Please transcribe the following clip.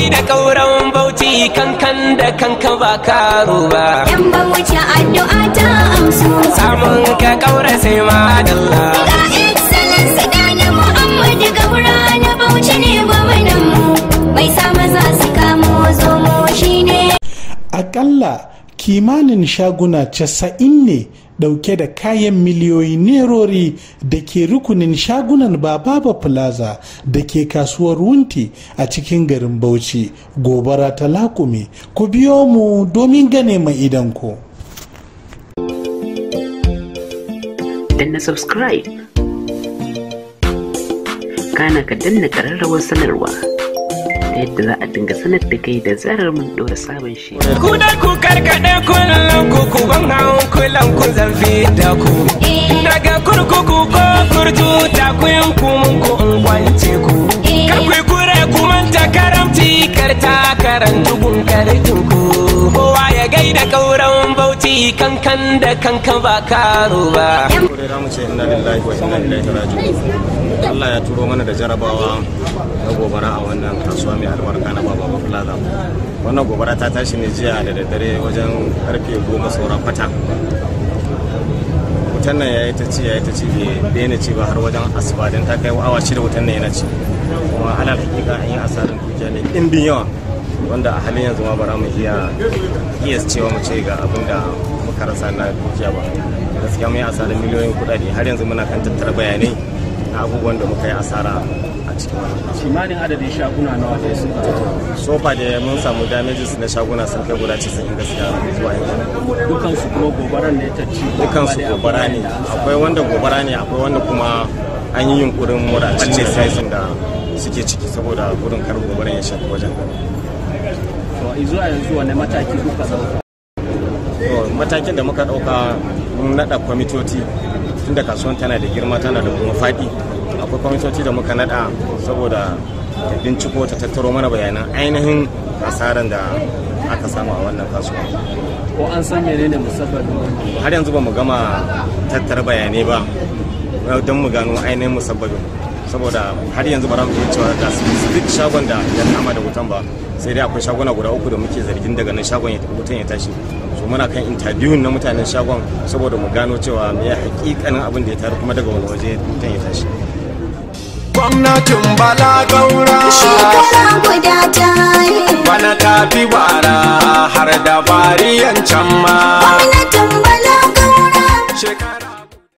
kai da kauran bauchi kankan da kanka ba karo ba yan bauchi addu'a ta amsu samun ka kaura sai ma dalla ga excellence ga na muhammad kaura na bauchi ne gwamnan mu bai sa maza su kamo zo mu shine akalla kimanin shaguna casa'in ne dauke da kayan miliyoyi nerori da ke rukunin shagunan bababa plaza da ke kasuwar wunti a cikin garin bauchi gobara ta lakumi ku biyo mu domin gane mai idanku danna subscribe kana ka danna kararrawar sanarwa yadda za a dinga sanar da kai da zarar mun dora sabon shi. Ku ku karkaɗe kullum ku ku ban hawan kullum ku da daga kurkuku ko kurtu ta kuyin kumun ku in kwance ku kar kure ku karamci kar ta karantu gun ku kowa ya gaida kauran bauti kankan da kankan ba karo ba Allah ya turo mana da jarabawa na gobara a wannan kasuwa mai albarka na baba plaza wannan gobara ta tashi ne jiya da daddare wajen karfe goma sauran fata wutan nan ya yi ta ci ya yi ta ci bai daina ci ba har wajen asuba don ta kai awa shida wutan nan yana ci kuma ala hakika an yi asarin dukiya ne bin yawa wanda a halin yanzu ma bara mu iya iya cewa mu ce ga abin da muka rasa na dukiya ba gaskiya mu yi asarin miliyoyin kudade har yanzu muna kan tattara bayanai na abubuwan da muka yi asara a cikin wannan kimanin adadin shaguna nawa ne suka so far da mun samu damages na shaguna sun kai guda sun gaskiya zuwa yanzu dukan su kuma gobara ne ta ci dukan su gobara ne akwai wanda gobara ne akwai wanda kuma an yi yunkurin mura cikin sai da suke ciki saboda gudun kar gobaran ya shafi wajen to zuwa yanzu wani mataki kuka dauka matakin da muka dauka mun nada kwamitoci tunda kasuwan tana da girma tana da kuma faɗi akwai kwamitoci da muka naɗa saboda ta binciko ta tattaro mana bayanan ainihin asaran da aka samu a wannan kasuwa ko an san menene musabbabin har yanzu ba mu gama tattara bayanai ba don mu gano ainihin musabbabin saboda har yanzu ba mu iya cewa da duk shagon da ya kama da wutan ba sai dai akwai shagona guda uku da muke zargin daga nan shagon ya ya tashi so muna kan interview na mutanen shagon saboda mu gano cewa me ya hakikanin abin da ya taru kuma daga wani waje wutan ya tashi gwamnatin bala gaura shugaba guda tare bana ta fi bara har da bariyan can ma gwamnatin bala gaura